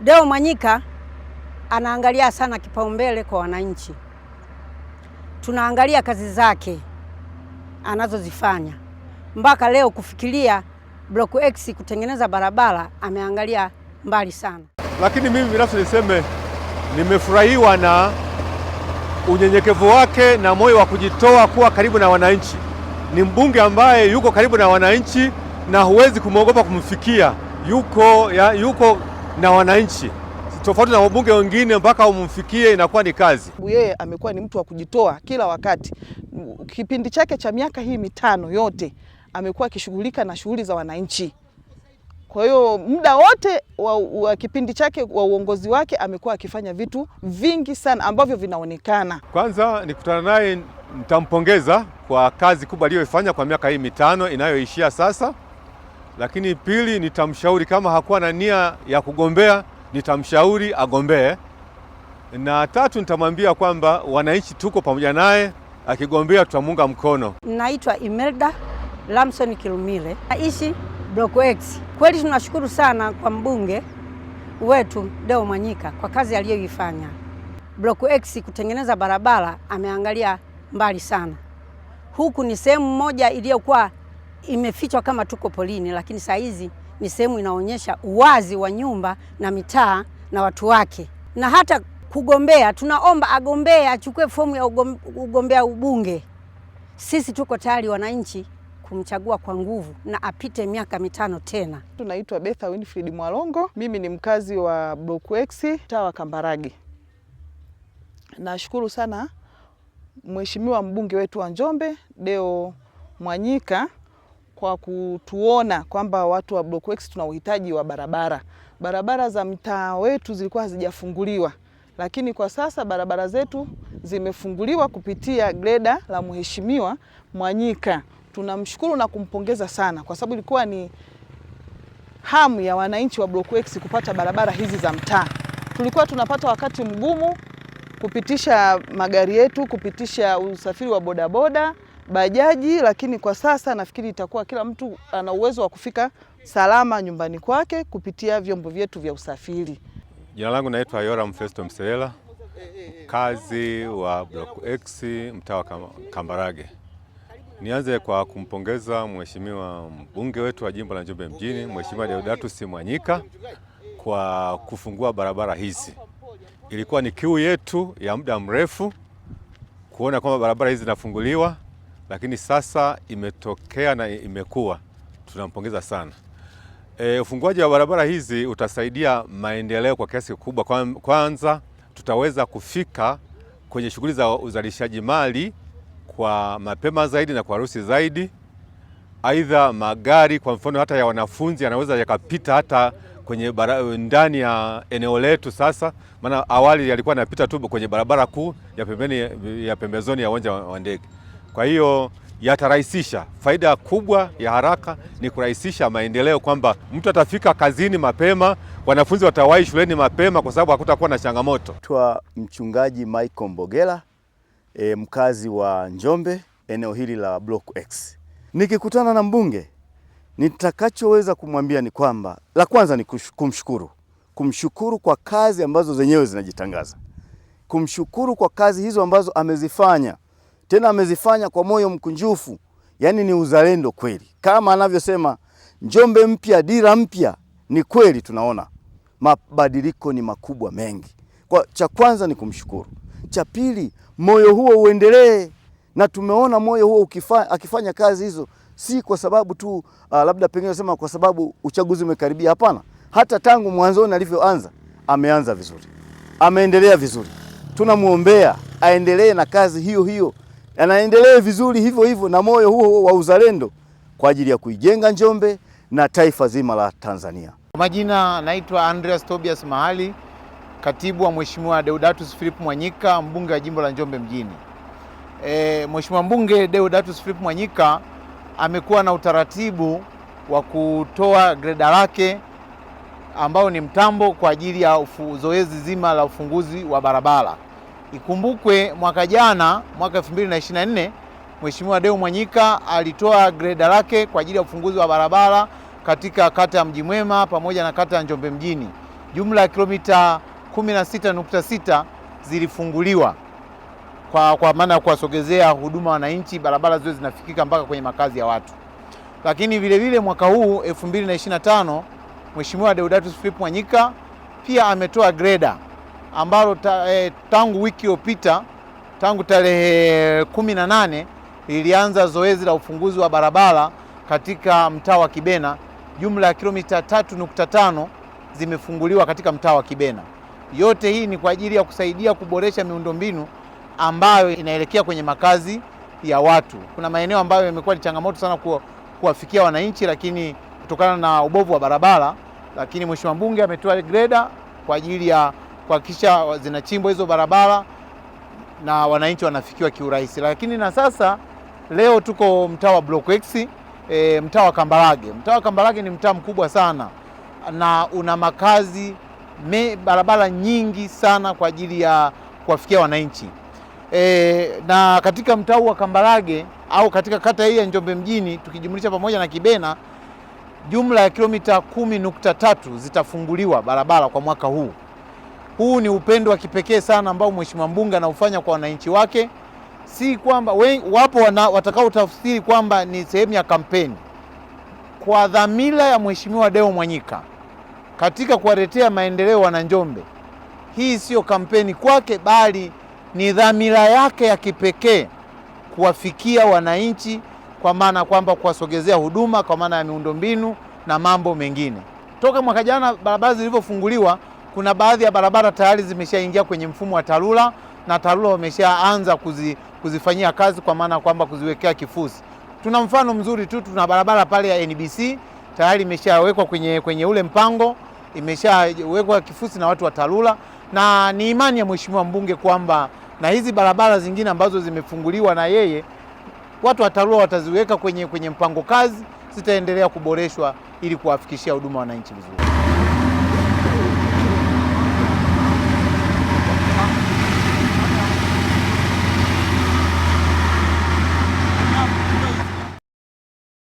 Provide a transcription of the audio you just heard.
Deo Mwanyika anaangalia sana kipaumbele kwa wananchi. Tunaangalia kazi zake anazozifanya mpaka leo kufikiria block X kutengeneza barabara, ameangalia mbali sana. Lakini mimi binafsi niseme nimefurahiwa na unyenyekevu wake na moyo wa kujitoa kuwa karibu na wananchi. Ni mbunge ambaye yuko karibu na wananchi na huwezi kumwogopa kumfikia, yuko, ya, yuko na wananchi, tofauti na wabunge wengine, mpaka umfikie inakuwa ni kazi. Yeye amekuwa ni mtu wa kujitoa kila wakati. Kipindi chake cha miaka hii mitano yote amekuwa akishughulika na shughuli za wananchi. Kwa hiyo muda wote wa, wa kipindi chake wa uongozi wake amekuwa akifanya vitu vingi sana ambavyo vinaonekana. Kwanza nikutana naye nitampongeza kwa kazi kubwa aliyoifanya kwa miaka hii mitano inayoishia sasa. Lakini pili, nitamshauri kama hakuwa na nia ya kugombea, nitamshauri agombee, na tatu, nitamwambia kwamba wananchi tuko pamoja naye, akigombea tutamuunga mkono. Naitwa Imelda Lamson Kilumile, naishi Block X. Kweli tunashukuru sana kwa mbunge wetu Deo Mwanyika kwa kazi aliyoifanya Block X kutengeneza barabara, ameangalia mbali sana. Huku ni sehemu moja iliyokuwa imefichwa kama tuko polini, lakini saa hizi ni sehemu inaonyesha uwazi wa nyumba na mitaa na watu wake, na hata kugombea. Tunaomba agombee, achukue fomu ya ugombea ubunge. Sisi tuko tayari wananchi kumchagua kwa nguvu na apite miaka mitano tena. Tunaitwa Betha Winfried Mwalongo, mimi ni mkazi wa Block X mtaa wa Kambarage. Nashukuru sana Mheshimiwa mbunge wetu wa Njombe Deo Mwanyika kwa kutuona kwamba watu wa Blockworks tuna uhitaji wa barabara. Barabara za mtaa wetu zilikuwa hazijafunguliwa, lakini kwa sasa barabara zetu zimefunguliwa kupitia greda la Mheshimiwa Mwanyika. Tunamshukuru na kumpongeza sana kwa sababu ilikuwa ni hamu ya wananchi wa Blockworks kupata barabara hizi za mtaa. Tulikuwa tunapata wakati mgumu kupitisha magari yetu, kupitisha usafiri wa bodaboda bajaji, lakini kwa sasa nafikiri itakuwa kila mtu ana uwezo wa kufika salama nyumbani kwake kupitia vyombo vyetu vya usafiri. Jina langu naitwa Yoram Festo Msela, mkazi wa Block X mtaa wa Kambarage. Nianze kwa kumpongeza mheshimiwa mbunge wetu wa jimbo la Njombe mjini, Mheshimiwa Deodatus Mwanyika kwa kufungua barabara hizi. Ilikuwa ni kiu yetu ya muda mrefu kuona kwamba barabara hizi zinafunguliwa lakini sasa imetokea na imekuwa, tunampongeza sana. E, ufunguaji wa barabara hizi utasaidia maendeleo kwa kiasi kikubwa. Kwanza tutaweza kufika kwenye shughuli za uzalishaji mali kwa mapema zaidi na kwa harusi zaidi. Aidha, magari kwa mfano hata ya wanafunzi yanaweza yakapita hata kwenye ndani ya eneo letu sasa, maana awali yalikuwa yanapita tu kwenye barabara kuu ya pembeni ya pembezoni ya uwanja wa ndege. Kwa hiyo yatarahisisha. Faida kubwa ya haraka ni kurahisisha maendeleo, kwamba mtu atafika kazini mapema, wanafunzi watawahi shuleni mapema, kwa sababu hakutakuwa na changamoto. Twa mchungaji Michael Mbogela, e, mkazi wa Njombe, eneo hili la Block X. Nikikutana na mbunge, nitakachoweza kumwambia ni kwamba la kwanza ni kumshukuru, kumshukuru kwa kazi ambazo zenyewe zinajitangaza, kumshukuru kwa kazi hizo ambazo amezifanya tena amezifanya kwa moyo mkunjufu, yaani ni uzalendo kweli, kama anavyosema Njombe mpya, dira mpya. Ni kweli tunaona mabadiliko ni makubwa mengi. Kwa cha kwanza ni kumshukuru, cha pili moyo huo uendelee, na tumeona moyo huo ukifa, akifanya kazi hizo si kwa sababu tu uh, labda pengine sema kwa sababu uchaguzi umekaribia. Hapana, hata tangu mwanzoni alivyoanza ameanza vizuri, ameendelea vizuri. Tunamwombea aendelee na kazi hiyo hiyo yanaendelee vizuri hivyo hivyo na moyo huo wa uzalendo kwa ajili ya kuijenga Njombe na taifa zima la Tanzania. Kwa majina naitwa Andreas Tobias Mahali, katibu wa Mheshimiwa Deodatus Philip Mwanyika, mbunge wa jimbo la Njombe mjini. E, Mheshimiwa mbunge Deodatus Philip Mwanyika amekuwa na utaratibu wa kutoa greda lake ambao ni mtambo kwa ajili ya zoezi zima la ufunguzi wa barabara. Ikumbukwe mwaka jana, mwaka 2024 Mheshimiwa Deo Mwanyika alitoa greda lake kwa ajili ya ufunguzi wa barabara katika kata ya Mji Mwema pamoja na kata ya Njombe mjini. Jumla ya kilomita 16.6 zilifunguliwa kwa, kwa maana ya kuwasogezea huduma wananchi, barabara ziwe zinafikika mpaka kwenye makazi ya watu. Lakini vilevile mwaka huu 2025 Mheshimiwa Deodatus Philip Mwanyika pia ametoa greda ambalo ta, eh, tangu wiki iliyopita tangu tarehe kumi na nane lilianza zoezi la ufunguzi wa barabara katika mtaa wa Kibena. Jumla ya kilomita 3.5 zimefunguliwa katika mtaa wa Kibena. Yote hii ni kwa ajili ya kusaidia kuboresha miundombinu ambayo inaelekea kwenye makazi ya watu. Kuna maeneo ambayo yamekuwa ni changamoto sana kuwafikia wananchi, lakini kutokana na ubovu wa barabara, lakini Mheshimiwa mbunge ametoa greda kwa ajili ya kuhakikisha zinachimbwa hizo barabara na wananchi wanafikiwa kiurahisi. Lakini na sasa leo tuko mtaa wa Block X, e, mtaa wa Kambarage. Mtaa wa Kambarage ni mtaa mkubwa sana na una makazi me, barabara nyingi sana kwa ajili ya kuwafikia wananchi e, na katika mtaa wa Kambarage au katika kata hii ya Njombe mjini tukijumlisha pamoja na Kibena jumla ya kilomita kumi nukta tatu zitafunguliwa barabara kwa mwaka huu. Huu ni upendo wa kipekee sana ambao mheshimiwa mbunge anaufanya kwa wananchi wake, si kwamba wapo tafsiri kwamba ni sehemu ya kampeni. Kwa dhamira ya mheshimiwa Deo Mwanyika katika kuwaletea maendeleo wananjombe, hii siyo kampeni kwake, bali ni dhamira yake ya kipekee kuwafikia wananchi, kwa maana kwamba kuwasogezea huduma kwa maana ya miundombinu na mambo mengine. Toka mwaka jana barabara zilivyofunguliwa kuna baadhi ya barabara tayari zimeshaingia kwenye mfumo wa TARURA na TARURA wameshaanza kuzi, kuzifanyia kazi kwa maana kwamba kuziwekea kifusi. Tuna mfano mzuri tu, tuna barabara pale ya NBC tayari imeshawekwa kwenye, kwenye ule mpango imeshawekwa kifusi na watu wa TARURA na ni imani ya mheshimiwa mbunge kwamba na hizi barabara zingine ambazo zimefunguliwa na yeye watu wa TARURA wataziweka kwenye, kwenye mpango kazi, zitaendelea kuboreshwa ili kuwafikishia huduma wananchi vizuri.